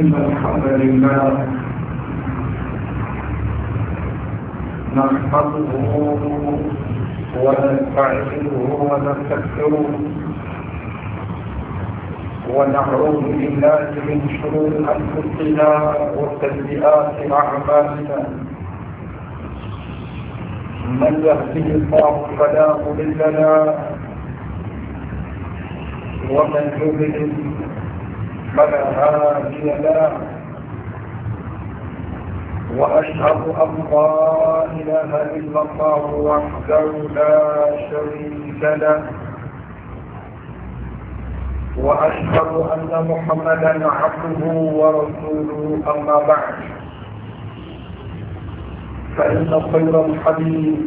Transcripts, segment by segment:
إن الحمد لله نحمده ونستعينه ونستكثره ونعوذ بالله من شرور أنفسنا وسيئات أعمالنا من يهده الله فلا مضل له ومن يضلل فلا هادي له وأشهد أن لا إله إلا الله وحده لا شريك له وأشهد أن محمدا عبده ورسوله أما بعد فإن خير الحديث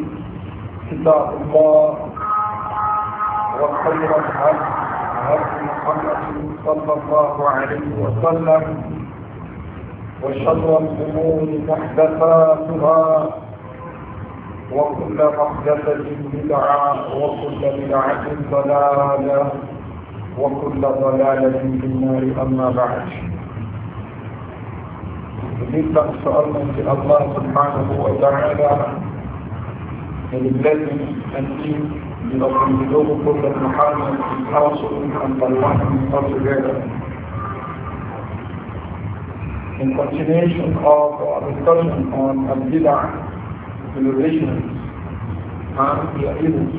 كتاب الله وخير الحديث عبد محمد صلى الله عليه وسلم وشر الأمور محدثاتها وكل محدثة بدعة وكل بدعة ضلالة وكل ضلالة في النار أما بعد لذلك من الله سبحانه وتعالى الذي أنتم you know, from the noble book of Muhammad and by one altogether. In continuation of our discussion on Al-Bid'ah, innovations, and the evils,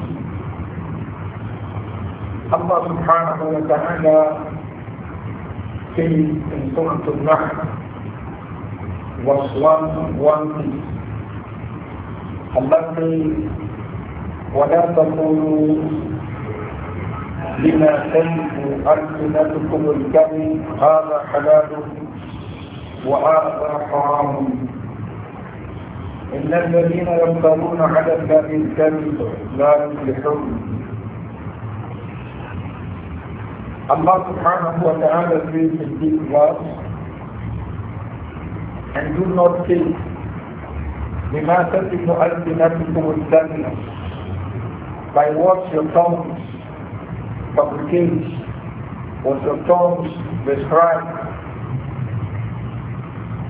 Allah subhanahu wa ta'ala says in Surah Al-Nahl, was one, one peace. Allah says, ولا تقولوا لما تجد ألسنتكم الكذب هذا حلال وهذا حرام إن الذين يبتغون على الله الكذب لا يفلحون الله سبحانه وتعالى في الدين الله and do not say, لما تتم ألسنتكم الكذب by what your tongues fabricate, what your tongues describe.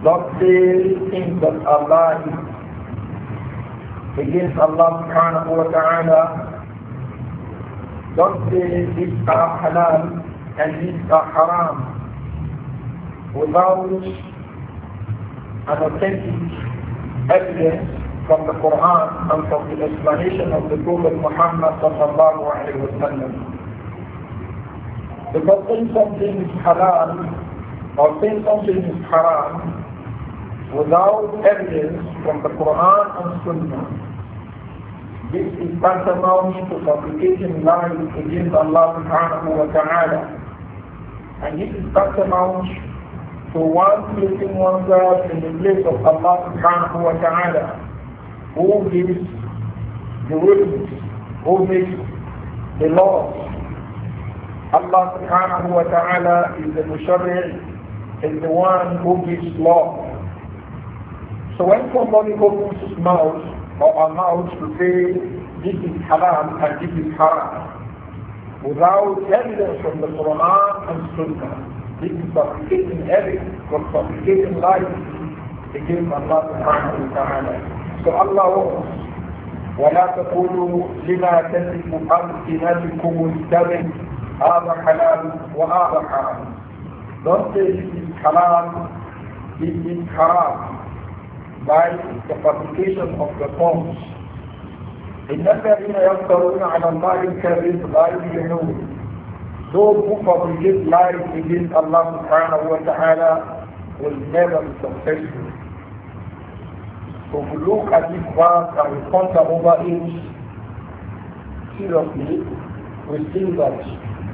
Not say things that Allah against Allah subhanahu wa ta'ala. Don't say this are halal and this are haram without an authentic evidence from the Quran and from the explanation of the Prophet Muhammad sallallahu alaihi you Because saying something is halal or saying something is haram without evidence from the Quran and Sunnah, this is tantamount to fabricating lies against Allah subhanahu wa ta'ala. And this is tantamount to one placing oneself in the place of Allah subhanahu wa ta'ala who gives the rules, who makes the law. Allah subhanahu wa ta'ala is the musharri, is the one who gives law. So when somebody opens his mouth or our mouth to say this is haram and this is haram, without evidence from the Quran and Sunnah, this is supplicating evidence for supplicating life against Allah subhanahu wa ta'ala. الله ولا تقولوا لما تسف ألسنتكم الكذب هذا حلال وهذا حرام Don't say this is halal, this is haram by the fabrication of the forms. إن الذين يفترون على الله الكذب لا يؤمنون Those who fabricate lies against Allah subhanahu wa ta'ala will never be successful. So if we look at this back and we ponder over it seriously, we see that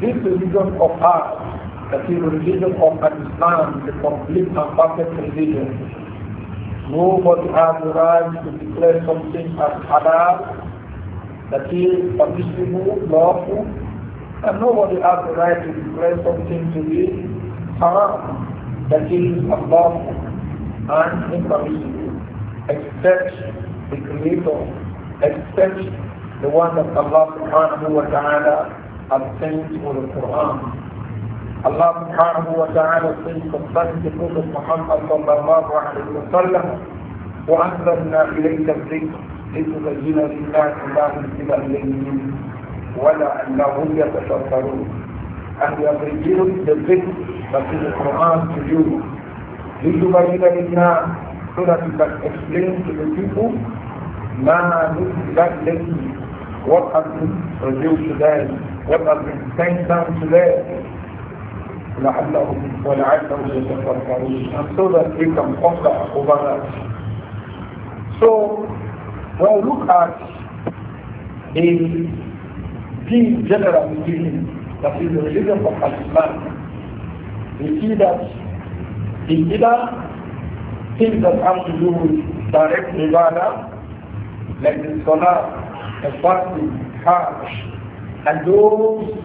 this religion of ours, that is the religion of Islam, the complete and perfect religion, nobody has the right to declare something as halal, that is permissible, lawful, and nobody has the right to declare something to be haram, that is unlawful and impermissible. Accept the Creator, accept the one that Allah subhanahu wa ta'ala has for the Quran. Allah subhanahu wa ta'ala says concerning the Prophet Muhammad sallallahu alayhi wa sallam, وأنزلنا إليك الذكر لتبين للناس ما نزل إليهم ولعلهم يتفكرون. And we have revealed the things that is the Quran to you. لتبين للناس so that you can explain to the people ما نزل إليه what has been revealed to them, what has been sent down to them. and so that they can conquer over that. So when we look at the deep general religion that is the religion of Islam, we see that the leader things that have to do with direct Nirvana, like the salah, the fasting, hajj, and those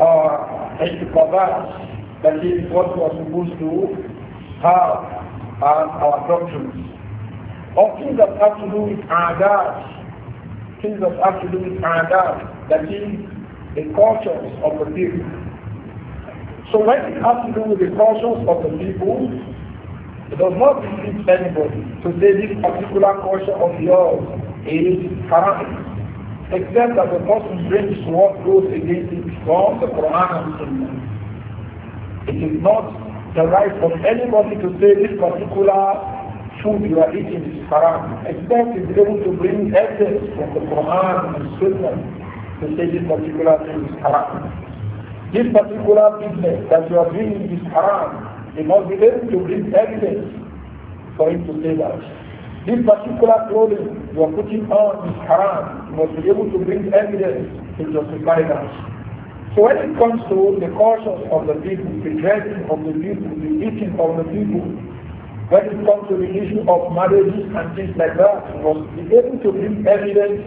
are uh, iqtiqadat, that is what we are supposed to have as our doctrines. Or things that have to do with adat, things that have to do with adat, that is the cultures of the people. So when it has to do with the cultures of the people, it does not defeat anybody to say this particular culture of yours is haram. Except that the person brings what goes against it from the Quran and It is not the right of anybody to say this particular food you are eating is haram. Except if able to bring evidence from the Quran and Sunnah to say this particular thing is haram. This particular business that you are doing is haram. He must be able to bring evidence for him to say that. This particular clothing you are putting on is haram. You must be able to bring evidence to justify that. So when it comes to the cautions of the people, the dressing of the people, the eating of the people, when it comes to the issue of marriages and things like that, you must be able to bring evidence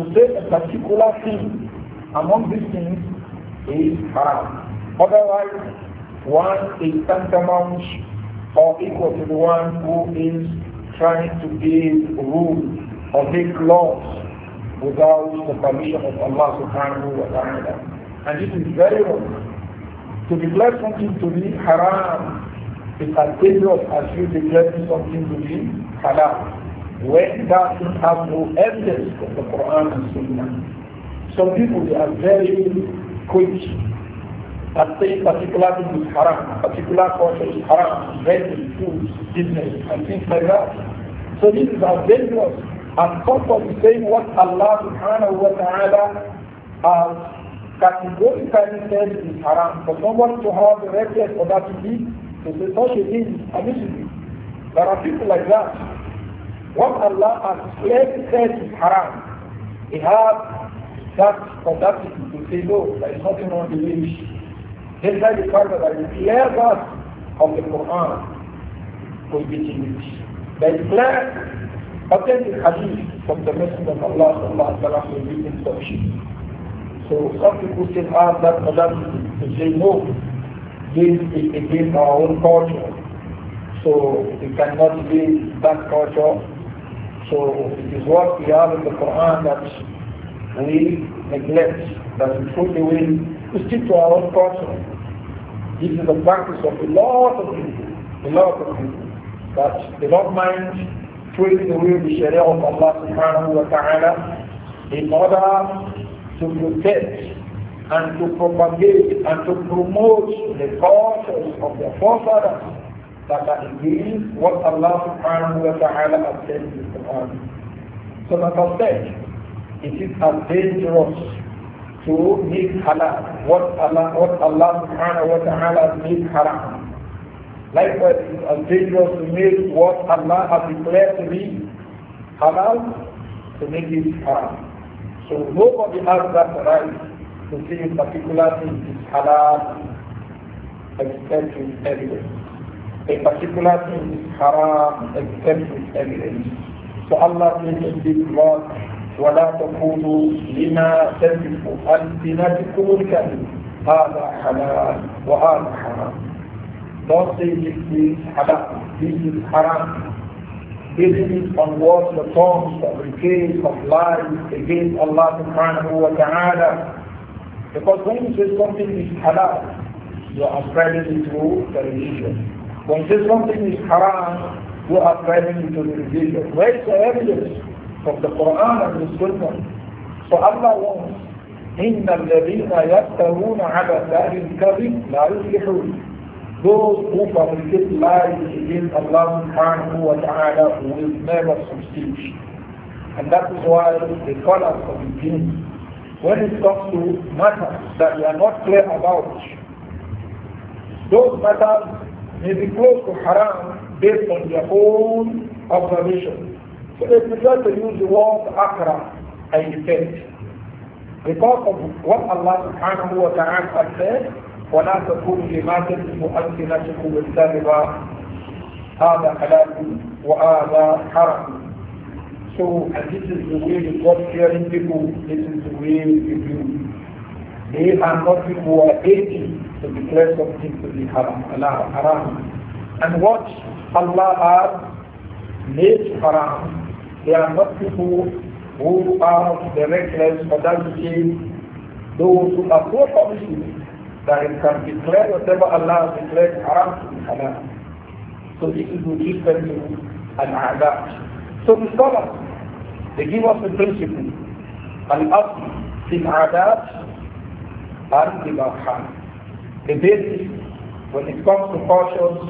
to say a particular thing among these things is haram. Otherwise, one is tantamount or equal to the one who is trying to give rule or make laws without the permission of Allah subhanahu wa ta'ala. And this is very wrong. To declare something to be haram is as dangerous as you declaring something to be halal. When that thing have no evidence of the Quran and Sunnah. Some people they are very quick that saying particular thing is haram, particular culture is haram, drinking, food, business, and things like that. So this is as dangerous And comfort is saying what Allah subhanahu wa ta'ala has categorically said is haram. For someone to have the right for that to be, to say such a thing is permissible. There are people like that. What Allah has clearly said is haram. He has that capacity to say no, there is nothing wrong with the said, the fact that the clear verse of the Quran could be changed. The clear authentic hadith from the Messenger of Allah sallallahu alaihi wasallam will be insufficient. So some people still have that modality to say no, this is against our own culture. So we cannot be that culture. So it is what we have in the Quran that we neglect, that we put away, we stick to our own culture. This is the practice of a lot of people. A lot of people. That they don't mind throwing away the Sharia of Allah subhanahu wa ta'ala in order to protect and to propagate and to promote the causes of their forefathers that are against what Allah subhanahu wa ta'ala has said in the Quran. So like I said, it is as dangerous to make halal what Allah what Allah subhanahu wa ta'ala made haram. Likewise, it is dangerous to make what Allah has declared to be halal to make it haram. So nobody has that right to say a particular thing is halal except with evidence. A particular thing is haram except with evidence. So Allah mentioned this word. ولا تقولوا لما تصف ألسنتكم الكذب هذا حلال وهذا حرام Don't say this is halal, this is haram. This is on what the tongues fabricate of lies against Allah subhanahu wa ta'ala. Because when you say something is halal, you are spreading into the religion. When you say something is haram, you are spreading into the religion. Where is the evidence? from the Quran and the Sunnah. So Allah wants, إِنَّ الَّذِينَ يَفْتَرُونَ عَلَى اللَّهِ الْكَذِبِ لَا يُفْلِحُونَ those who fabricate lies against Allah subhanahu wa ta'ala will never succeed. And that is why the scholars of the deen, when it comes to matters that we are not clear about, those matters may be close to haram based on their own observation. So they prefer to use the word akra and effect. Because of what Allah subhanahu wa ta'ala has said, وَلَا تَكُونُوا لِمَا تَكْسِبُ أَلْسِنَتُكُمْ الْكَذِبَ هَذَا حَلَالٌ وَهَذَا حَرَامٌ So, and this is the way the God-fearing people, this is the way they do. They are not people who are hating to declare something to be haram, Allah haram. And what Allah has made haram, they are not people who are the reckless audacity, those who are poor publicity that it can declare whatever Allah has declared haram to be halal. So this is with respect to an adab. So the scholars, they give us the principle. Al-Asl fil adab al-Ibahan. The basis when it comes to cultures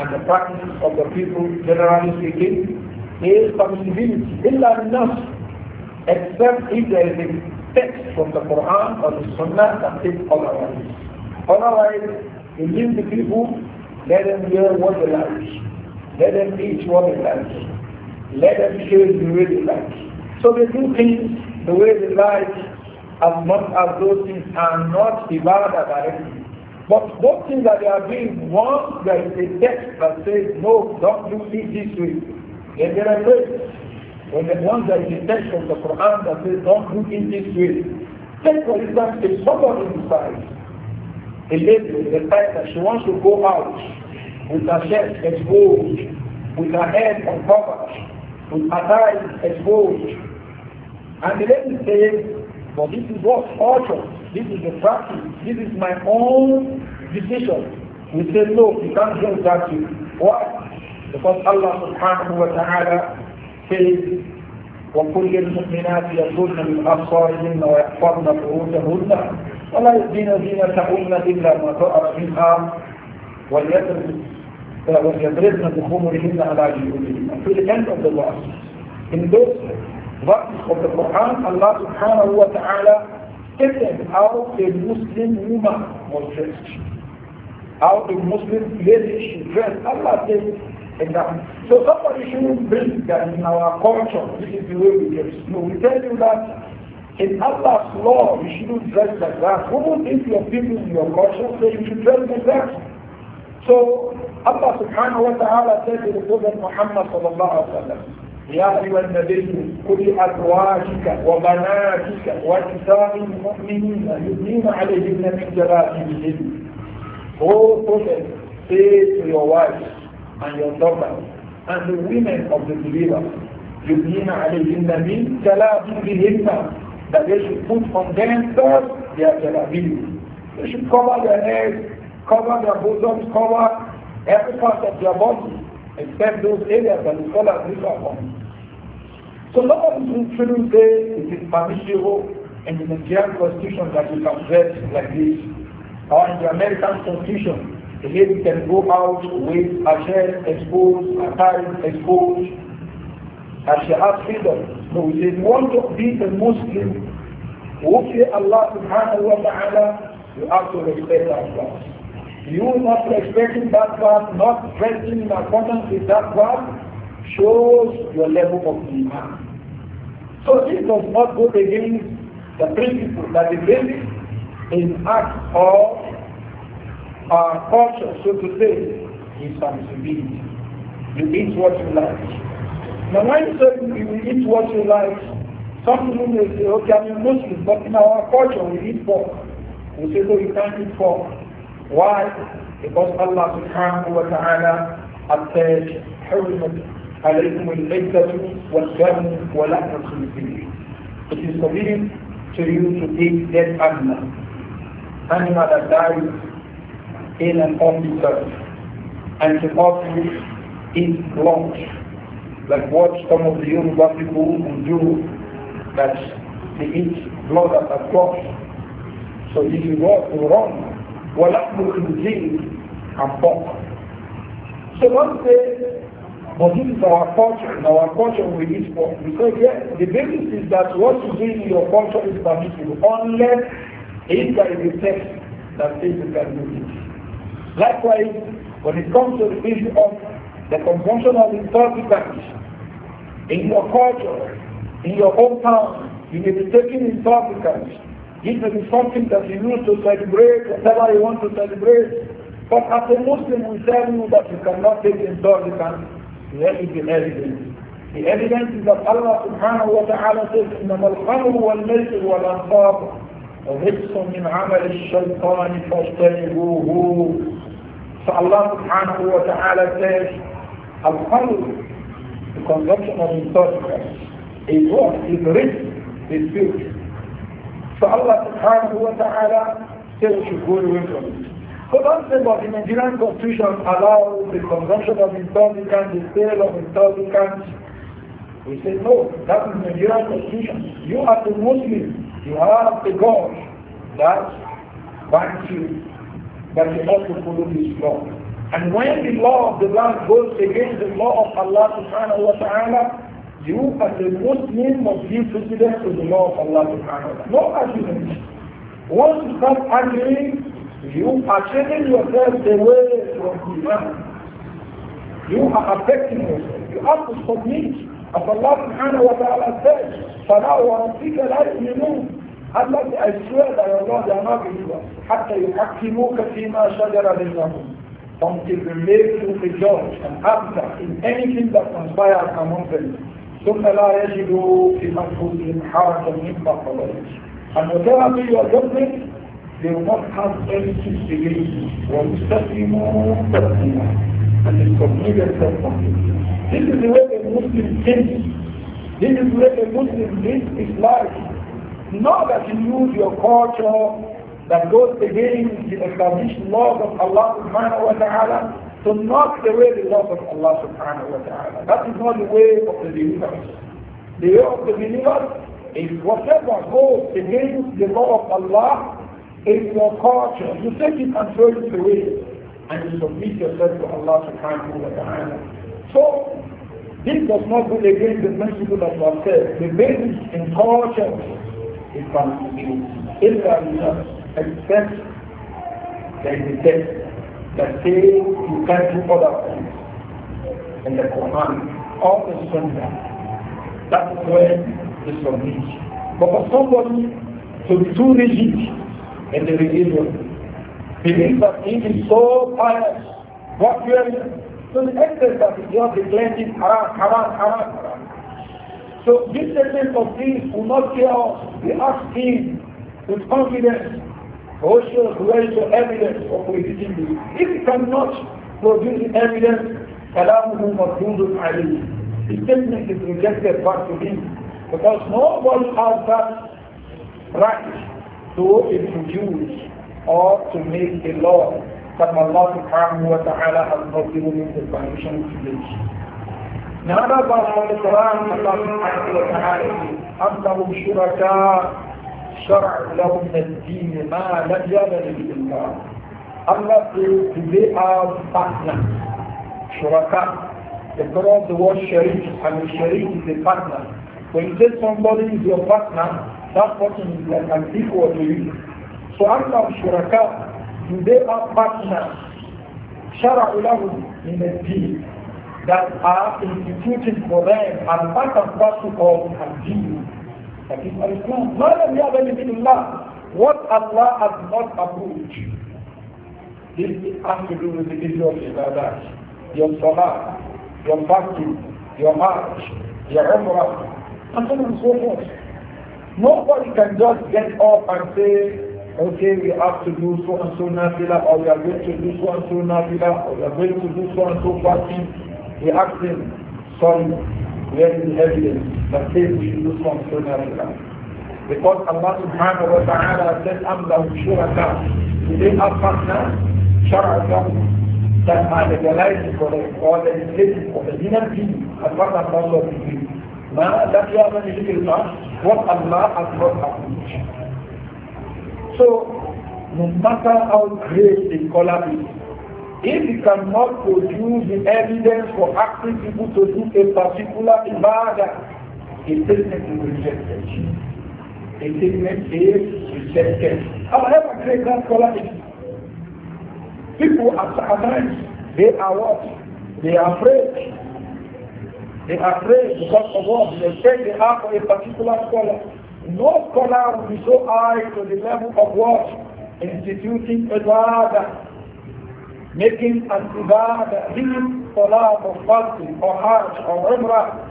and the practices of the people, generally speaking, is permissibility. Illa enough, except if there is a text from the Quran or the Sunnah that says otherwise. Otherwise, you leave the people, let them hear what they like. Let them teach what they like. Let them shave the way they like. So they do things the way they like as much as those things are not ibadah directly. But those things that they are doing, once there is a text that says, no, don't do it this way, Yet there are ways. When the ones are text from the Quran that says don't do in this way. Take for example, if somebody decides, a lady fact that she wants to go out with her chest exposed, with her head uncovered, with her eyes exposed. And the lady says, but well, this is what culture, this is the practice, this is my own decision. We say, no, you can't do that. Why? يقول الله سبحانه وتعالى في وكل المؤمنات يصلن من أبصارهن ويحفظن فروجهن ولا يؤذين زينة أمة إلا ما ظهر منها وليضربن بخمرهن على جيوبهن في الأند أوف ذا وورد In this verse of the Quran, Allah subhanahu wa ta'ala taken out a Muslim woman or dressed, out a example. Um, so somebody shouldn't bring that in our culture, this is the way we get. No, we tell you that in Allah's law, you shouldn't dress like that. Who would if your people in your culture say you should dress like that? So Allah subhanahu wa ta'ala said to the Prophet Muhammad sallallahu alaihi wasallam, يا أيها النبي قل أزواجك وبناتك ونساء المؤمنين يؤمنين عليهن من جلائبهن. Oh Prophet, say to your wives, and your daughter, and the women of the believers يُبْنِينَ عَلَيْهِنَّ مِنْ جَلَابِبِهِنَّ that they should put on first their jalabib. They should cover their heads, cover their bosoms, cover every part of their body except those areas that the scholars differ on. So a lot of these children say it is permissible in the Nigerian constitution that you can dress like this or in the American constitution the lady can go out with a hair exposed, a time exposed, As she has freedom. So we say, we want to be a Muslim who fear Allah subhanahu wa ta'ala, you have to respect that word. You not respecting that verse, not dressing in accordance with that word shows your level of iman. So this does not go against the principle that is the basic in act of our culture, so to say, is eat. You eat what you like. Now when you say you eat what you like, some people may say, okay, I'm a Muslim, but in our culture we eat pork. We say, no, you can't eat pork. Why? Because Allah subhanahu wa ta'ala has said, حرمت عليكم العزة والدم ولحم الخنزير. It is forbidden to you to eat dead animal. Animal that dies in an officer. And the office is blunt. Like what some of the Yoruba people do, that they eat blood at a cross. So this is what is wrong. وَلَحْمُ i and pork. So one day, but this is our culture. and our culture, we eat pork. Because yes, the basis is that what you do in your culture is permissible, unless if there is a text that says you can do it. Likewise, when it comes to the issue of the consumption of intoxicants in your culture, in your hometown, you may be taking intoxicants. It may be something that you use to celebrate whatever you want to celebrate. But as a Muslim, we tell you that you cannot take intoxicants. There is the evidence. The evidence is that Allah subhanahu wa ta'ala says, إِنَّمَا الْخَمْرُ وَالْمَيْسِرُ وَالْأَنْصَابُ رِجْسٌ مِنْ عَمَلِ الشَّيْطَانِ فَاجْتَنِبُوهُ so Allah subhanahu wa ta'ala says, Al-Khamr, the consumption of intoxicants, is what? Is rich, is filth. So Allah subhanahu wa ta'ala says "You should go away from it. So don't say that the Nigerian constitution allows the consumption of intoxicants, the sale of intoxicants. We say no, that is Nigerian constitution. You are the Muslim, you have the God that way." you but we ought to follow this law. And when the law of the land goes against the law of Allah subhanahu wa ta'ala, you as a Muslim must give precedence to the law of Allah subhanahu wa ta'ala. No argument. Once you start arguing, you are taking yourself away from the man. You are affecting yourself. You have to submit. As Allah subhanahu wa ta'ala says, فَلَا وَرَبِّكَ لَا يُؤْمِنُونَ Allah I swear by Allah, they are not believers. حَتَّى يُحَكِّمُوكَ فِي مَا شَجَرَ بَيْنَهُم Until they make to the judge and answer in anything that transpires among them. ثُمَّ لَا يَجِدُوا فِي مَنْفُسِهِمْ حَرَجًا مِمَّا قَضَيْتَ And whatever be your judgment, they will not have any to or يُسْتَسْلِمُوا تَسْلِيمًا And they submit themselves from This is the way a Muslim thinks. This is the way a Muslim lives his life. Not that you use your culture that goes against the established laws of Allah subhanahu wa ta'ala to knock way the laws of Allah subhanahu wa ta'ala. That is not the way of the believers. The way of the believers is whatever goes against the law of Allah is your culture. You take it and throw it away and you submit yourself to Allah subhanahu wa ta'ala. So this does not go against the principle that was said. The basis in culture Islam If I do not accept there is a text that says you can't do other things in the Quran or the Sunnah. That is where the submit. But for somebody to be too rigid in the religion, believe that he is so pious, what you are, to the extent that you are declares haram, haram, haram, haram. So this statement of things will not cure us. We ask him with confidence, also where is the evidence of prohibiting If he cannot produce evidence, كلامه مردود عليه. The statement is rejected back to him because nobody has that right to introduce or to make a law that Allah subhanahu wa ta'ala has not given him the permission to do. نرضى بالقران الله سبحانه وتعالى انهم شركاء شرع لهم من الدين ما لا يرد به الله في تبيع فاحنا شركاء يقرأ the word شريك and the شريك is a partner when you say somebody is your partner that person is like an equal to you so Allah شركاء they are partners شرع لهم من الدين that are instituted for them and part and parcel of Al-Jinn. That is Al-Islam. Not that we have anything in Allah. What Allah has not approved, this has to do with the issue of Ibadat, your Salah, your fasting, your march, your Umrah, and so on and so forth. Nobody can just get up and say, okay, we have to do so and so nafila, or we are going to do so and so nafila, or we are going to do so and so fasting, he asked him, sorry, where is the evidence that says we should do something so natural? Because Allah subhanahu wa ta'ala said, أَمْ لَهُمْ He Did they have partners, شَرَكَى, that are legalized for the, or legislated for the dinner team as part and parcel of the deed? ما لم يأمن به الله what Allah has not approved. So, no matter how great the scholar is, if you cannot produce the evidence for asking people to do a particular ibadah, a statement is rejected. A statement is rejected. However great that scholar people are times they are what? They are afraid. They are afraid because of what they say they are for a particular scholar. No scholar will be so high to the level of what? Instituting ibadah making an ibadah, being salat or fasting or hajj or umrah,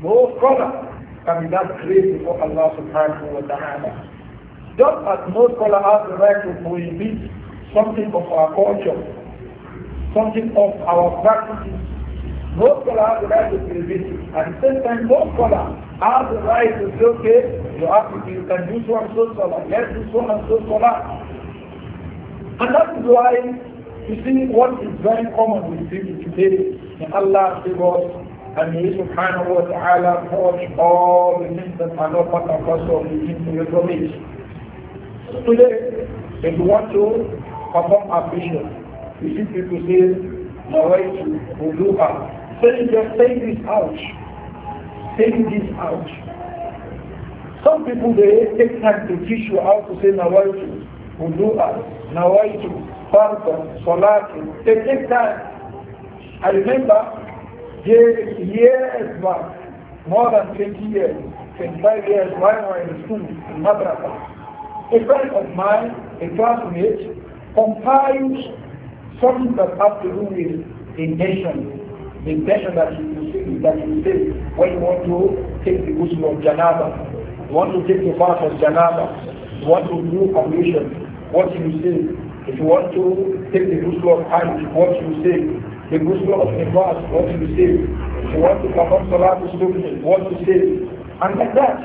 no scholar can be that great before Allah subhanahu wa ta'ala. Just as no scholar has the right to prohibit something of our culture, something of our practices, no scholar has the right to prohibit it. At the same time, no scholar has the right to say, okay, you, have to, you can do so and so scholar, let do so and so scholar. And that is why you see, what is very common with people today, in Allah save us, and may subhanahu wa ta'ala purge all the things that are not part and parcel of the into Today, if you want to perform a vision, you see people say, Nawaitu, Wudu'a. So you just take this out. Take this out. Some people, they take time to teach you how to say Nawaitu, Wudu'a, Nawaitu, Farda, Salati, taking time. I remember years back, more than 20 years, 25 years, while I was in school in Madrasa, a friend of mine, a classmate, compiles something that has to do with intention, the intention that you see, that you say when you want to take the Muslim of janaba, you want to take the part of janaba, you want to do ablution, what you say, if you want to take the ghusl of Hajj, what you say. The ghusl of the Nifas, what you say. If you want to perform Salat to subh what you say. And like that.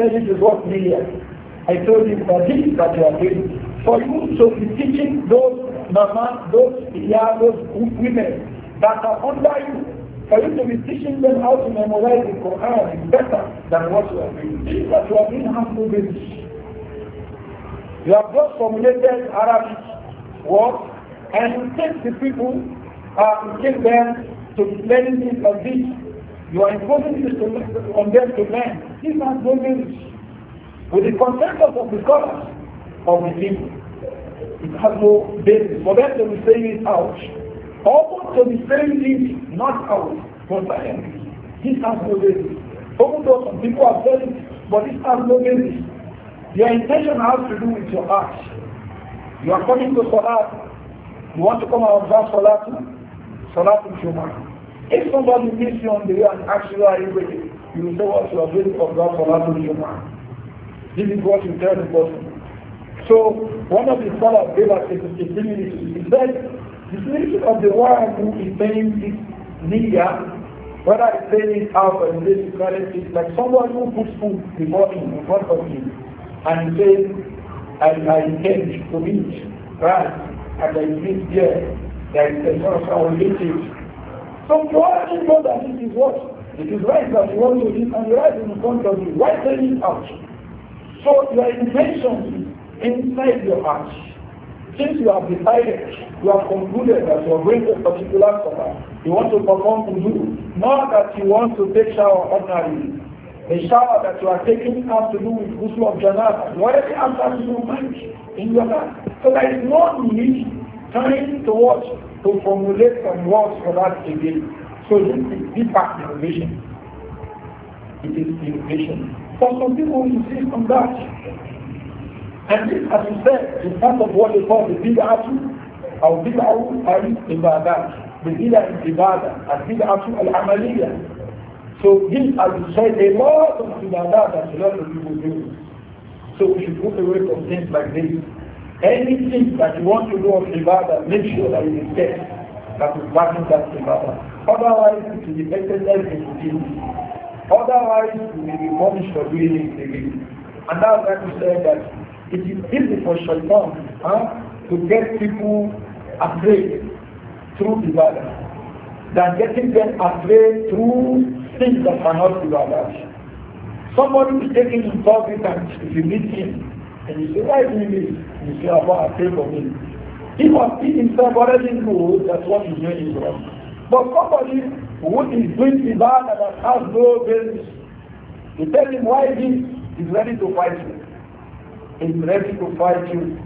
So this is what we I told you that this is that you are doing. For you to be teaching those mama, those yeah, those women that are under you, for you to be teaching them how to memorize the Quran is better than what you are doing. This is what you are doing the business. You have just formulated Arabic words and you take the people uh, take them to learn this and this. You are imposing this on them to learn. These are no meaning. With the consensus of the scholars of the people, it has no basis. For them to be saying it out. Almost to be saying it not out for science. This has no basis. Even some people are saying but this has no basis. Your intention has to do with your heart. You are coming to Salah. You want to come and observe Salah. Salah is your mind. If somebody meets you on the way and asks you, are you ready? You will say what you are doing to observe Salah is your mind. This is what you tell the person. So, one of the scholars gave us a minutes. He said, the solution of the one who is paying this niyyah whether it's paying it out or in this currency, like someone who puts food before him, in front of him and say, I, I intend to meet right and I meet there, there is a source of relatives. So you already know that this is what? It is right that you want to eat and right in front of you. Why tell it out? So your intention is inside your heart. Since you have decided, you have concluded that you are going to a particular supper, you want to perform to do, not that you want to take shower ordinarily. The shower that you are taking has to do with ghusl of janaba. Whatever answer to do with in your life. So there is no need time to watch to formulate some words for that again. So this is deeper innovation. It is innovation. For some people we insist on that. And this, as you said, is part of what they call the bid'ah, our bid'ah is ibadah, The bid'atu al-ibadah, al bid'ah al-amaliyah. So this, as you said, a lot of people that a lot of people do. So we should move away from things like this. Anything that you want to do of ibadah, make sure that you get that is backing that ibadah. Otherwise, it will be better than routine. Otherwise, you may be punished for doing it again. And that's why we say that it is easy for shaitan huh, to get people afraid through ibadah than getting them afraid through things that cannot be allowed. Somebody is taking and if you meet him, and you say, why do you meet? And you say, about oh, pray for me. He must be himself already knows that what he's doing is wrong. But somebody who is doing the bad and has no basis, you tell him why he is ready to fight you. He's ready to fight you.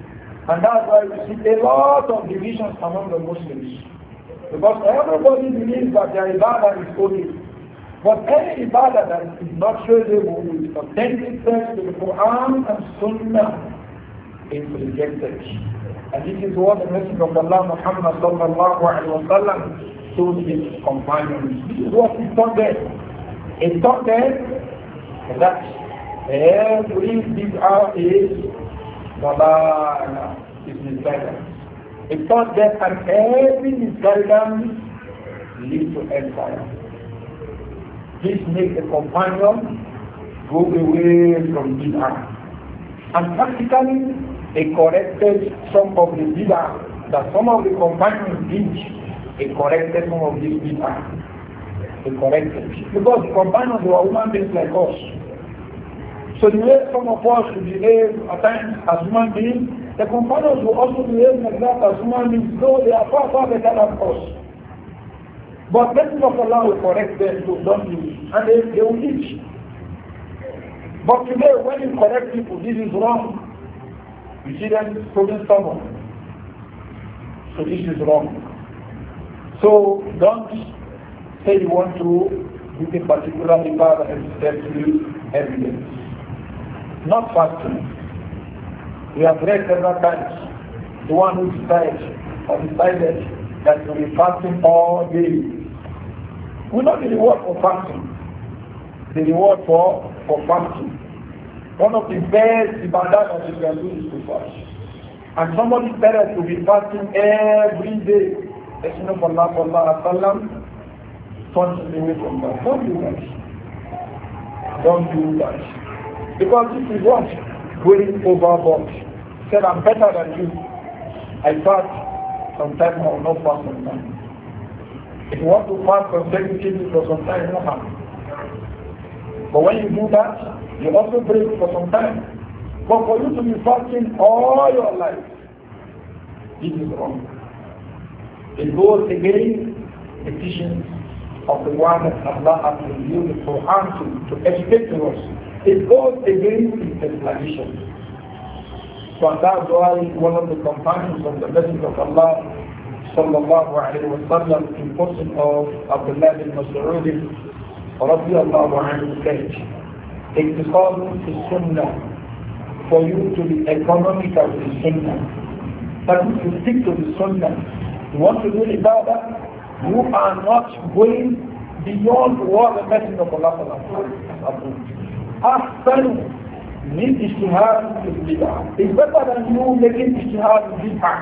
And that's why we see a lot of divisions among the Muslims. Because everybody believes that their Ibadah is holy. But any ibadah that is not traceable with authentic to the Quran and Sunnah is rejected. And this is what the message of Allah Muhammad sallallahu alayhi wa sallam told his companions. This is what he taught them. He taught them that every bid'ah is balala, is misguidance. He taught them that every misguidance leads to empire. This made the companion go away from bid'ah. And practically, they corrected some of the bid'ah that some of the companions did. They corrected some of these bid'ah. They corrected. Because the companions were human beings like us. So the way some of us behave at times as human beings, the companions will also behave like that as human beings, though they are far, far better than us. But Messenger of allow will correct them to do you, And they, they will teach. But today, when you correct people, this is wrong. You see them proving someone. So this is wrong. So don't say you want to give a particular father and step to evidence. Not fasting. We have read several times. The one who decides or decided that you will be fasting all day will not be reward for fasting the reward for for fasting one of the best ibadah that you can do is to fast and somebody better to be fasting every day the sin of Allah sallallahu alaihi wasallam turns away from that don't do that don't do that because this is what going overboard said I'm better than you I fast Sometimes I will not fast time. If you want to fast consecutively for some time, you have. But when you do that, you also break for some time. But for you to be fasting all your life, this is wrong. It goes against the teachings of the one that Allah has revealed the Quran to, to educate to us. It goes against his tradition. So that's why one of the companions of the Messenger of Allah sallallahu alayhi wa sallam in person of Abdullah bin Mas'ud radiallahu anhu said, اقتصاد في sunnah. for you to be economical of sunnah. But if you stick to the sunnah, you want to do ibadah, you are not going beyond what the Messenger of Allah sallallahu has approved. Make ijtihad is bid'ah. It's better than you making ijtihad is bid'ah.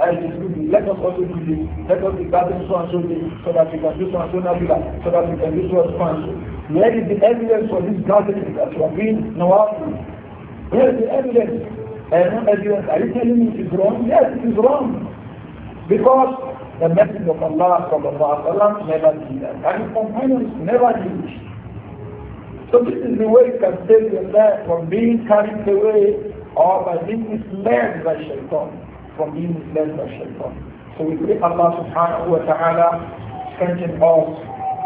That is Let us also do this. Let us be gathering so and so this, so that we can do so and so now so that we can do so and so Where is the evidence for this gathering that you are being nawafil? Where is the evidence? And no evidence. Are you telling me it is wrong? Yes, it is wrong. Because the message of Allah sallallahu alaihi wasallam never did that. And his companions never did it. So this is the way you can save yourself from being carried away or by being misled by shaitan. From being misled by shaitan. So we pray Allah subhanahu wa ta'ala strengthen us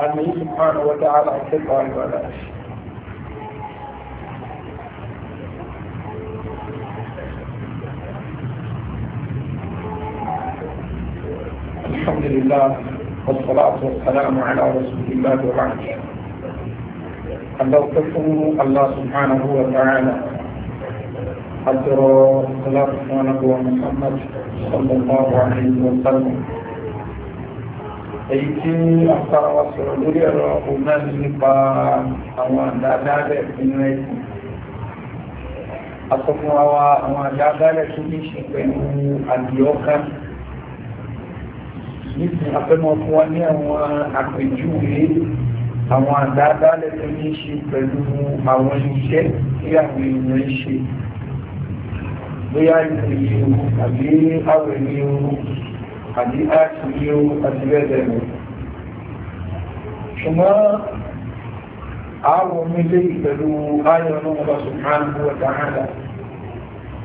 and may subhanahu wa ta'ala accept our ibadah. الحمد لله والصلاة والسلام على رسول الله وبعد àlọ́pẹ́ fún Allah subhanahu wa ta'ala àtọ̀rọ̀ aláàfin aláàbọ̀ Muhammad sallallahu alayhi wa sallam èyí tí a fara wa sọ̀rọ̀ lórí ẹ̀rọ ọ̀nà nípa àwọn àdáadáa nínú ẹ̀sìn àkọ́kọ́ wa àwọn àdáadáa tó ní ṣe pẹ̀lú àdìọ́ká nítorí afẹ́mọ́ fún wa ní àwọn àpèjúwe àwọn àdáadáalẹ̀ tó ní ṣe pẹ̀lú àwọn iṣẹ́ tí àwọn èèyàn ń ṣe bóyá ìpìlẹ̀ ewu àbí àwẹ̀ ní ewu àbí àti ní ewu àti bẹ́ẹ̀ lọ ṣùgbọ́n àwọn omílé pẹ̀lú ayọ̀ náà wọ́n subhanahu wa ta'ala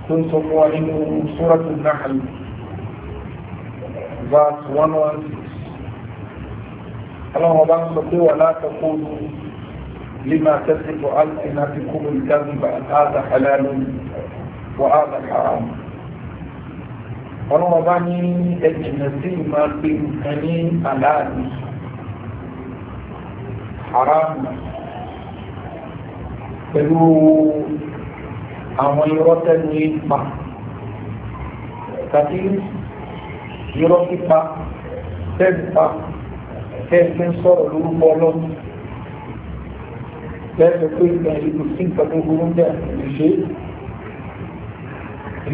tó ń sọ fún wa nínú suratul Nahl verse 116 الله ربنا صلي ولا تقولوا لما تذب ألسنتكم الكذب هذا حلال وهذا حرام الله ربنا اجنسي ما بإمكاني حلال حرام pẹ̀lú àwọn irọ́ tẹ́lú ipa kàtí irọ́ pípa tẹ́ẹ̀fẹ́ sọ̀rọ̀ lórúkọ ọlọ́run tẹ́ẹ̀fẹ́ pé ìgbà ìlú sí nǹkan tó burú ń bẹ̀ ṣe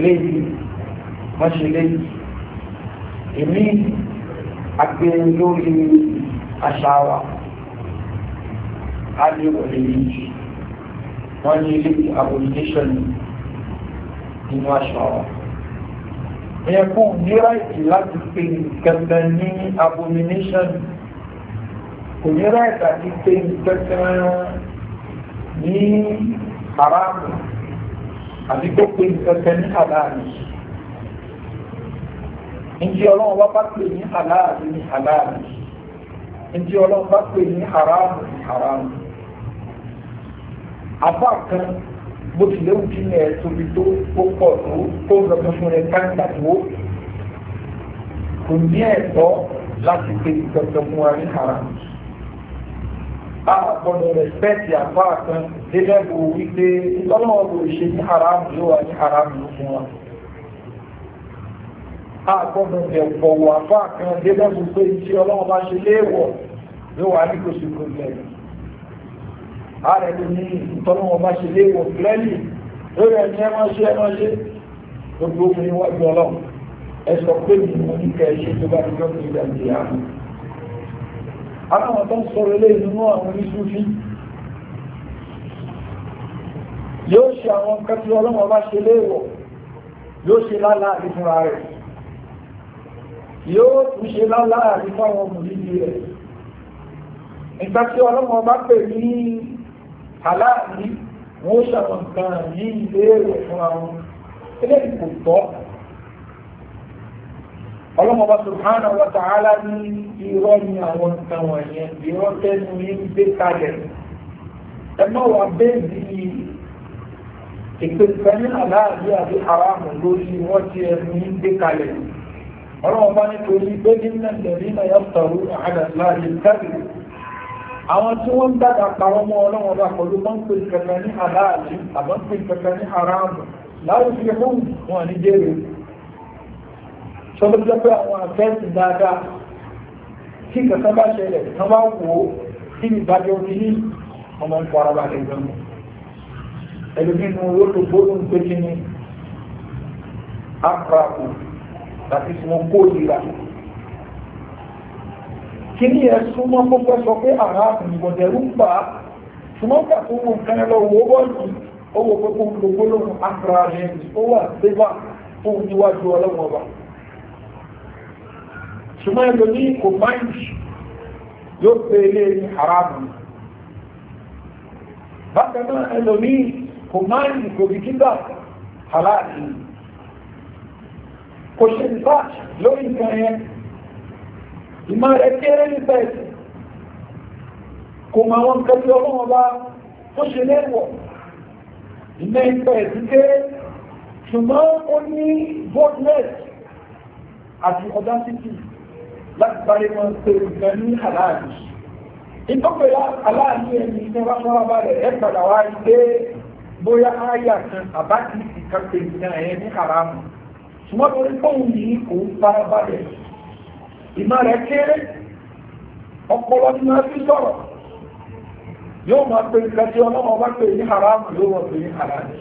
léyìí wọ́n ṣe léyìí èmi àgbẹ̀ lórí àṣà wa á lè wọlé yìí wọ́n ní ilé abomination nínú àṣà wa ẹ̀kún ní ráìtì láti pe nǹkan ní abomination kò ní ráìtà ti pé nǹkan ní haramu àti tó pé nǹkan ní halali njí ọlọ́run wá bá pè ní halali ní halali njí ọlọ́run bá pè ní haramu ní haramu àbá kan bó tilẹ̀ wù kí ni ẹ̀ tóbi tó ó pọ̀ tó tó ń lọ fún ẹ̀ káńtà tó kò ní ẹ̀tọ́ láti pè nǹkan tó wa ní haramu àgbọ̀dọ̀ rẹ̀spẹ́tì àpá kan débẹ̀ bò wípé ìtọ́lọ́wọ́ kò ṣe ní haram yóò wà ní haram yóò fún wa àgbọ̀dọ̀ ẹ̀bọ̀wọ̀ àpá kan débẹ̀ bò pé iṣẹ́ ọlọ́wọ́ ṣe léèwọ̀ yóò wà ní kòsì kòsì àwọn tó ń sọ̀rọ̀ ilé ìlú àwọn oníṣúfí yóò ṣe àwọn nǹkan tí ọlọ́wọ́ bá ṣe léèwọ̀ yóò ṣe lálá ìfúnra rẹ̀ yóò tún ṣe lálá ìfáwọn mùsùlùmí rẹ̀ nígbà tí ọlọ́wọ́ bá pè ní àláàrí wọ́n ṣàwọn nǹkan yìí léèwọ̀ fún àwọn ilé ìkòtọ́ ọlọ́mọba subhanahu wa ta'ala ní irọ́ ní àwọn nǹkan wọ̀nyẹn irọ́ tẹ́nu ní gbé kalẹ̀ ẹ má wà bẹ́ẹ̀ bí ìpèsè ní aláàbí àti aráàmù lórí wọ́n ti ẹnu ní gbé kalẹ̀ ọlọ́mọba nítorí pé nínú ẹ̀rí náà yọ sọ̀rọ̀ àdàlá ní kábìrì àwọn tí wọ́n ń dàgbà pàwọn ọmọ ọlọ́wọ́n pẹ̀lú wọ́n pè kankan ní aláàbí àbọ̀n pè kankan ní aráàmù láwùjọ sọ́dọ̀ jẹ́ pé àwọn àfẹ́sì dáadáa tí kankan bá ṣẹlẹ̀ tán bá wò ó tí ìbájọ́ ti ní ọmọ ń pọ̀ ara balẹ̀ gan mọ́ ẹlòmínú owó tó gbóòórùn pé kí ni akrakù tàbí tí wọ́n kó ìlà kí ni ẹ súnmọ́ kó fẹ́ sọ pé àrà àtùnìbọ̀dẹ̀rú ń bà á súnmọ́ kà tó lọ wò ó bọ́ọ̀lù ó wò pé kó ń lo wà síbà fún níwájú ọlọ́wọ́ ọba ṣùgbọ́n ẹlò ní kò máìlì yóò pè ilé ní haramu bákan náà ẹlò ní kò máìlì kò bí kígbà halali kò ṣe nípa lórí nǹkan yẹn ìmọ̀ rẹ̀ kéré nípa ẹ̀sìn kò máa wọn kẹ́lú ọlọ́wọ́ bá tó ṣe lẹ́wọ̀ ìmọ̀ nípa ẹ̀sìn kéré ṣùgbọ́n ó ní boldness àti audacity láti parí wọn pé nǹkan ní aláàbí ìtọ́pẹ̀ aláàbí ẹni ní wá fọ́nrán balẹ̀ ẹ padà wá rí pé bóyá áyà kan àbájú ìkan pé nǹkan ẹ̀ ní haramu ṣùgbọ́n torí fóun yìí kò ń fara balẹ̀ ìmọ̀ rẹ̀ kéré ọpọlọ ní wọ́n fi sọ̀rọ̀ yóò máa pè nǹkan tí ọlọ́mọ bá pè ní haramu yóò wọ́n pè ní haramu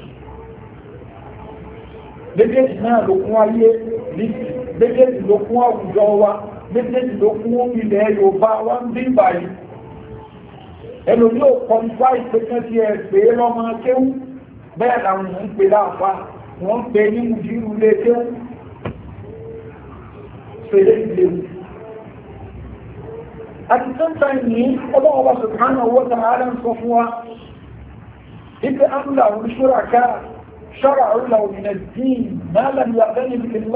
méjèèjì náà ló kún ayé méjèèjì ló kún àwùjọ wa méjèèjì ló kú ilẹ̀ Yorùbá wá ń bí báyìí ẹnu yóò kọ́ńtà ìpínlẹ̀ tí ẹ pè é lọ́mọ kéwù bẹ́ẹ̀ làwọn ń pè láàfà wọ́n ń pè ní mùdírù lé kéwù pèlè ìléwu. àti sẹ́ńtà yìí ọlọ́wọ́ bá subhanahu wa ta'ala ń sọ fún wa ibi amúlà òun ká ṣọ́ra òun làwọn dín náà làwọn ìyàtọ̀ níbi ìlú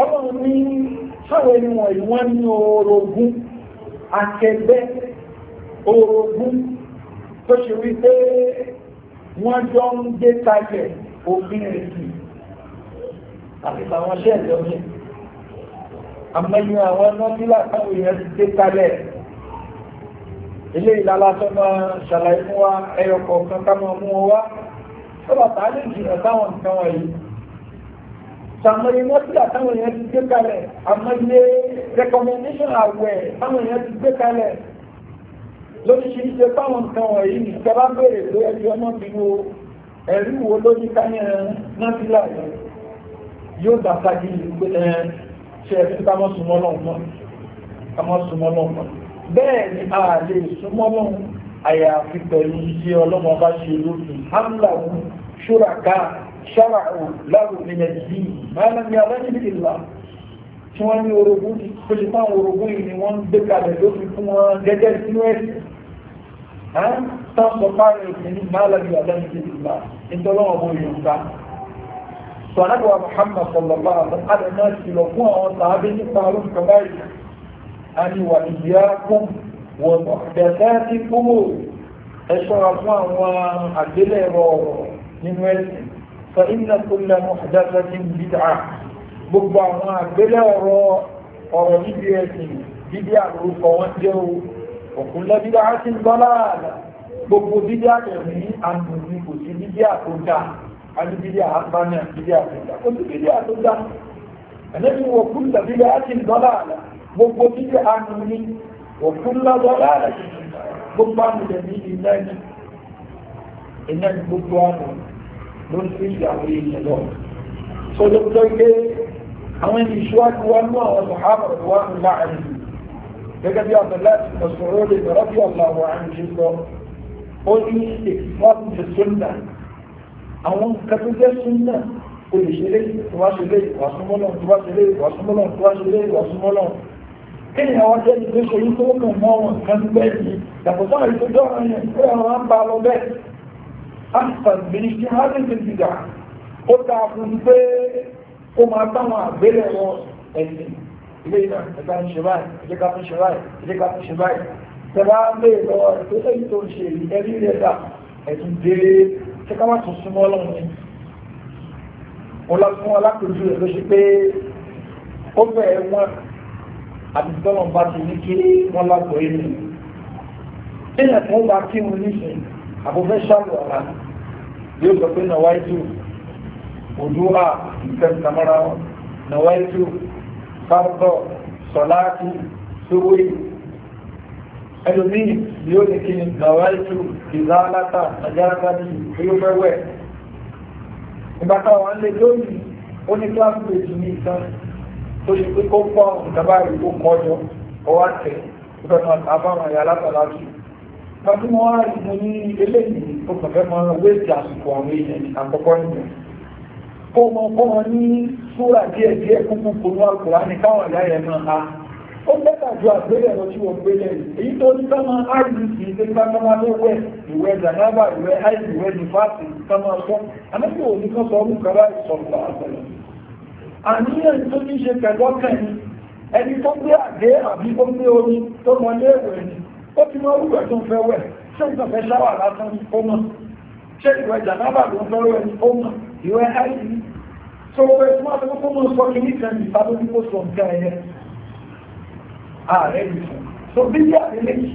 ọlọ́run ní sáwọn ẹni wọ̀nyí wọ́n ní orogún akẹgbẹ́ orogún tó ṣe wí pé wọ́n jọ ń gbé kalẹ̀ òfin rìkì àti àwọn ṣẹ́ẹ̀lì ọ̀yẹ́ àmọ́yí àwọn nọ́tílà táwọn èèyàn ti gbé kalẹ̀ ilé ìlàlá tó ṣàlàyé fún wa ẹyọ kọ̀ọ̀kan ká máa mú wọn wá tó lè jìnà táwọn nǹkan wọ̀nyí sàmọye nọ́tìlà táwọn èèyàn ti gbé kalẹ̀ àmọye recommendation àwẹ̀ táwọn èèyàn ti gbé kalẹ̀ lóríṣiríṣi fáwọn nǹkan wọ̀nyí ìjọba béèrè pé ẹbí ọmọ bí wo ẹ̀rí wo lórí káyẹn nọ́tìlà yìí yóò dàtà di ẹ ṣe ẹ̀rí ká mọ́ súnmọ́ lọ́wọ́ ká mọ́ súnmọ́ lọ́wọ́ ni a lè súnmọ́ lọ́wọ́ àyàfi pẹ̀lú iṣẹ́ ọlọ́mọba ṣe lófin hamlawu ṣúraka شرعوا له من الدين ما لم يرنه الله tí wọ́n ní orogún ní pẹ̀lú fáwọn orogún yìí ni wọ́n ń gbé kalẹ̀ lórí fún wọn gẹ́gẹ́ sínú ẹ̀sìn à ń tán sọ fáwọn ẹ̀sìn ní máàlàbí àdáyébí ìgbà ìtọ́lọ́wọ́ bó yìí ń ta sọ anábọ̀ Muhammad sọlọ́lá àbẹ̀ náà ti lọ fún àwọn sàábé nípa arúgbó nǹkan báyìí a ní wà ìyá kún wọ̀n bẹ̀rẹ̀ sí kúrò ẹ ṣọ́ra fún àwọn àgbélẹ̀rọ̀ nínú ẹ̀sìn فإن كل محدثة بدعة gbogbo àwọn àgbélẹ̀ ọ̀rọ̀ ọ̀rọ̀ níbi ẹ̀sìn dídí àrùkọ wọn jẹ́ o òkúnlẹ̀ dídí àti gbọ́láàlá gbogbo dídí àtẹ̀mí àmì kò sí dídí àtọ́jà àti dídí àpáni àti dídí àtọ́jà kò sí dídí àtọ́jà ẹ̀lẹ́bí òkúnlẹ̀ dídí àti gbọ́láàlá gbogbo dídí àmì òkúnlẹ̀ ló ń tún ìyàwó èèyàn lọ tó ló tó gbé àwọn ẹni ìṣíwájú wa mú àwọn sàhábà tó wà ní láàrin gẹ́gẹ́ bí àbẹ̀lá ti lọ́sọ̀rọ̀ lè lọ́rọ́ bí ọ̀làwọ̀ àrùn ṣe lọ ó ní ìfọ́n ti súnà àwọn nǹkan tó jẹ́ súnà o lè ṣe lé ìwáṣẹlé ìwàsúmọ́lọ́ ìwáṣẹlé ìwàsúmọ́lọ́ ìwáṣẹlé ìwàsúmọ́lọ́ kéèyàn wá jẹ́ ìgbésẹ̀ yìí tó kàn mọ́ wọn kan bẹ́ẹ̀ ni yàtọ̀ sáà yìí tó dọ́rọ̀ yẹn pé àwọn á ń ba lọ bẹ́ẹ̀ ahsan bin ijtihad fil bid'ah ó dáa fún pé ó máa táwọn àgbélẹ̀ wọn ẹ̀sìn ilé ìlà ẹ̀ka ń ṣe báyìí ẹ̀jẹ̀ ká ń ṣe báyìí ẹ̀jẹ̀ ká ń ṣe báyìí tẹ̀lá lè e lọ ẹ̀tọ́ sẹ́yìn tó ń ṣe èyí ẹ̀rí rẹ̀ dà ẹ̀tún dé ṣé ká má tún súnmọ́ ọlọ́run ni wọn lọ fún alákòóso rẹ̀ ló ṣe pé ó bẹ̀ẹ́ wọn àti tọ́lọ̀ bá ti ní kí wọ́n lágbóyè nìyí. Téèyàn kan wá kí wọn nísìnyí àbúfẹ́ ṣàlùwàlá yóò sọ pé nàwáìtù òdúrà nǹkan kàmọ́ra wọn nàwáìtù fárúkọ sọláàtì sówóyì ẹlòmíì yóò ní kí nàwáìtù ìzáàlátà àjáàlátà ní ìlú mẹ́wẹ́ ìgbà táwọn lè lóyìn ó ní kíláàsì méjì ní ìtàn tó ṣe pé kó pọ̀ nǹkan báyìí ó kọjọ ọwọ́ àtẹ ìgbà náà àbáwọn ẹ̀yà látàlátì tàbí wọ́n á rí mo ní eléyìí tó kàfẹ́ máa wé ti àsìkò àwọn èèyàn àkọ́kọ́ nìyẹn kó mọ kó wọn ní súrà díẹ̀ díẹ̀ kúkú kúrú àkùrá ní káwọn ìyá yẹn máa ha ó bẹ́tà ju àgbélẹ̀ lọ sí wọn gbélẹ̀ èyí tó ní ká máa áì ní kì í ṣe ká ká máa ló wẹ̀ ìwẹ̀ zanaba ìwẹ̀ áì ìwẹ̀ ní fásitì ká máa sọ àmọ́tò òní kan sọ ọdún kaba ìsọ̀rọ̀ bá àtẹ̀lẹ̀ àníyàn tó ní ṣe pẹ̀lú ọkàn ẹni tó gbé àgbé àbí ó gbé omi tó mọ léèwẹ̀ ni ó ti mọ́ orúkọ tó ń fẹ́ wẹ̀ ṣé ìgbà fẹ́ ṣáwà lásán ó mọ̀ ṣé ìwẹ̀ jànábà ló ń fẹ́ wẹ̀ ó mọ̀ ìwẹ̀ àìsí tó wẹ̀ tí wọ́n ti kókó mọ́ sọ kí nìkan ìta ló ní kó sọ nǹkan ẹ̀yẹ ààrẹ yìí fún so bí i àdéléyìí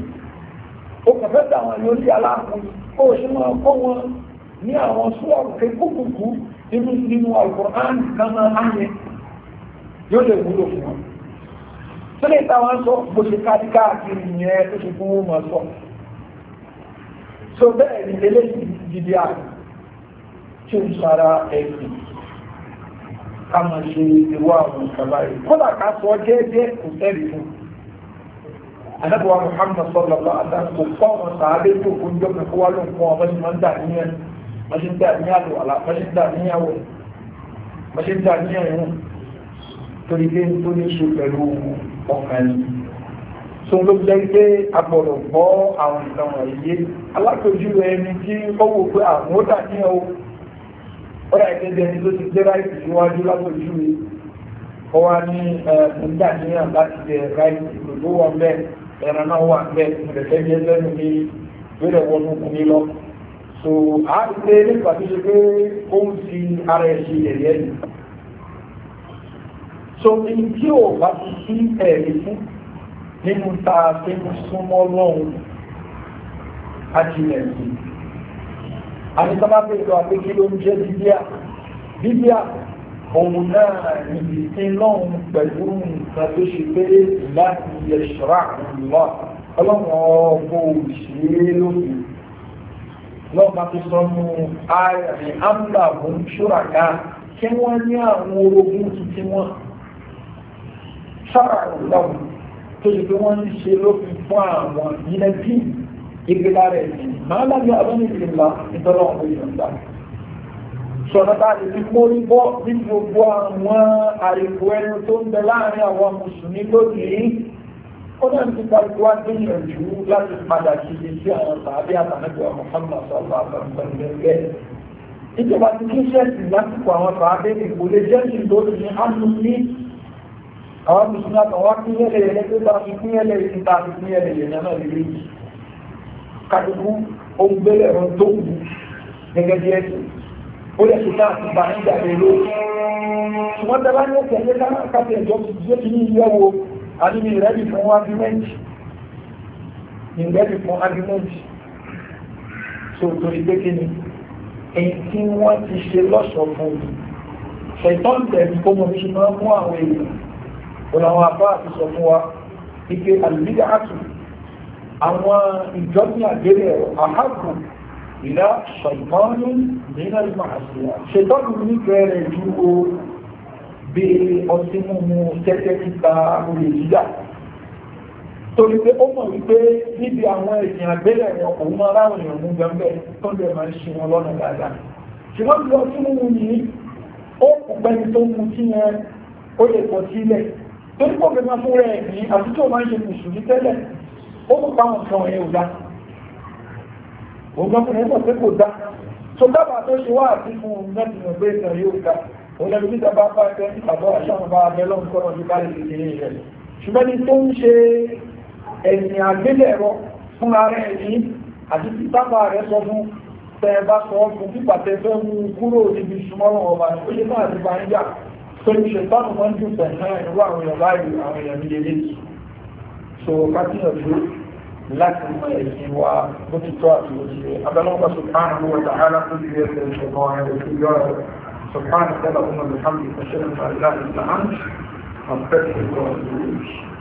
ó kẹfẹ́ dà wọn ní orí aláàfin ó ṣe máa kọ́ wọn ní àwọn súwọ́ọ̀rù kékúkùkù nínú Al-Qur'an kan náà á yẹ yóò lè wúlò fún wọn sílẹ̀ ìtawọ́n sọ bó ṣe káàdì káàkiri yẹn tó ṣe fún wọn mọ̀ sọ so bẹ́ẹ̀ ni eléyìí dídí àrùn tí ń sara ẹ̀sìn ká mọ̀ ṣe irú àwọn ìkàbá yìí kódà ká sọ jẹ́ẹ́jẹ́ kò sẹ́rì fún anábọ̀wá Muhammad sallallahu alaihi wasallam kò kọ́ ọmọ sàábé tó kó ń jọ́pẹ̀ kó wá ló ń kọ́ ọmọ sí máa ń dà níyẹn máa ṣe ń dà ní àlò àlà máa níyàwó máa níyàwó torí pé tó ní ṣe pẹ̀lú ọkàn yìí tó ló jẹ́ pé a gbọ́dọ̀ gbọ́ àwọn nǹkan wọ̀nyí alákòójú ẹni tí ó wò pé àwọn ó dà ní ọ ó dà gẹ́gẹ́ ẹni tó ti jẹ́ ráìtì síwájú lákòójú rẹ̀ ó wá ní ẹ̀ẹ́dà ní àbáti jẹ ráìtì gbogbo wọn bẹ́ẹ̀ ẹran náà wà bẹ́ẹ̀ ìrẹ̀fẹ́ jẹ́ lẹ́nu ní ìgbérẹ̀ wọnú kùnrin lọ so a ti pé nípa tó ṣe pé ó ń fi ara ẹ̀ ṣe yẹ̀yẹ́ yìí so ní tí ò bá ti sí ẹ̀rí fún nínú tá a fi ń súnmọ́ lọ́hùn ajílẹ̀ sí àti tá a bá fi lọ àpé kí ló ń jẹ́ bíbíà bíbíà òun náà níbi tí lọ́hùn pẹ̀lú nǹkan tó ṣe pé láti yẹ ṣọ́ra lọ ọlọ́run ọgbọ́ òṣèré lónìí lọ́wọ́ bá ti sọ mú ààrẹ àmì àmì àbùn ṣúra ká kí wọ́n ní àwọn orogún tuntun wọn ṣáàrùn lọ́wọ́ tó yẹ kí wọ́n ń ṣe lófin fún àwọn ìyẹn bí ìgbéga rẹ̀ máa lágbé àwọn ìgbéga ìtọ́lọ́ ọ̀hún ìyọ̀ǹda sọ̀rọ̀ bá lè fi mórí bọ́ ní gbogbo àwọn àrìkú ẹnu tó ń bẹ láàrin àwọn mùsùlùmí lónìí ó náà ti pariwo wá láti padà sí ilé sí àwọn tàbí àtàlẹ́gbẹ̀ẹ́ Muhammad sọ̀rọ̀ àtàlẹ́gbẹ̀ẹ́ ìjọba ti kí sẹ́ẹ̀sì lásìkò àwọn tàbí ìkólé jẹ́sìn lónìí á lù àwọn mùsùlùmí àtàwọn pínlẹ̀ ẹ̀lẹ́ tó bá fi pínlẹ̀ ẹ̀lẹ́ tó fi pínlẹ̀ ẹ̀lẹ́ náà lè rí kàdùkú ohun gbélé ẹ̀rọ tó wù gẹ́gẹ́ bí ẹ̀sìn ó lè ṣùgbọ́n àti bá ń jà lérò ṣùgbọ́n tẹ́lá ní ẹ̀sẹ̀ ẹ̀lẹ́ ká kàtẹ́ ẹ̀jọ́ tó ti ní ilé wo àdúgbò ìrẹ́bì fún ágímẹ́ǹtì ìrẹ́bì fún ágímẹ́ǹtì tó torí pé kí ni èyí tí wọ́n ti ṣe lọ́ṣọ̀ọ́ fún mi ṣètọ́ǹtẹ̀ kó ọ̀làwọn afá àti sọ fún wa ike àlùbídà àtù àwọn ìjọ́sìn àgbélé ẹ̀rọ àhákù ìlà ṣàìmọ́nù nínú ìmọ̀ àṣìyà ṣètọ́nù nífẹ̀ẹ́ rẹ̀ ju o bí ọtí mímu tẹ́tẹ́ títa olè jíjà torí pé ó mọ̀ wípé níbi àwọn ẹ̀sìn àgbélé ẹ̀rọ òun máa ráwọn èèyàn mú gbẹ́ngbẹ́ tó ń bẹ̀ máa ń ṣe wọn lọ́nà dáadáa ṣùgbọ́n bí ọtí mímu yìí ó kò pẹ́ni tó mú sí yẹn ó lè pọ̀ sílẹ̀ torí pọ̀ fẹ́ẹ́ máa fún rẹ̀ ní àtúntò máa ń ṣe mùsùlùmí tẹ́lẹ̀ ó kò pa nǹkan ẹ̀ ò dá òun gan fún ẹ̀ kò dá tó dábàá tó ṣe wá àti fún un náà ti mọ̀ pé ìtàn yóò dá òun lẹ́nu bí sábà bá fẹ́ ní àbọ̀ àṣàwọn bá abẹ́ lọ́nà kọ́ lọ́dún bá lè fi kéré rẹ̀ ṣùgbọ́n ní tó ń ṣe ẹ̀sìn àgbélẹ̀rọ fún ara ẹ̀yìn àti tí sábà rẹ̀ sọ fún tẹ́ bá sọ fún pípàtẹ́ fẹ́ mú kúrò níbi ìṣúmọ́ràn ọba ó ṣe náà ti bá ń jà torí ṣètọ́nù mọ́ jù tẹ̀sán ìlú àwọn èèyàn báyìí àwọn èèyàn ní ilé yìí so kákíyànjú láti mọ ẹ̀sìn wa bó ti tọ́ àti bó ti yẹ abẹ́lọ́pàá subhanahu wa ta'ala tó ti yẹ fẹ́ ṣe mọ́ ẹ̀rọ tó yọ ọ̀rọ̀ subhanahu wa ta'ala ọmọ mi hàmì ìfẹ́ṣẹ́ nípa ìlànà ìlànà àmì àpẹẹrẹ ìkọ̀ọ̀dù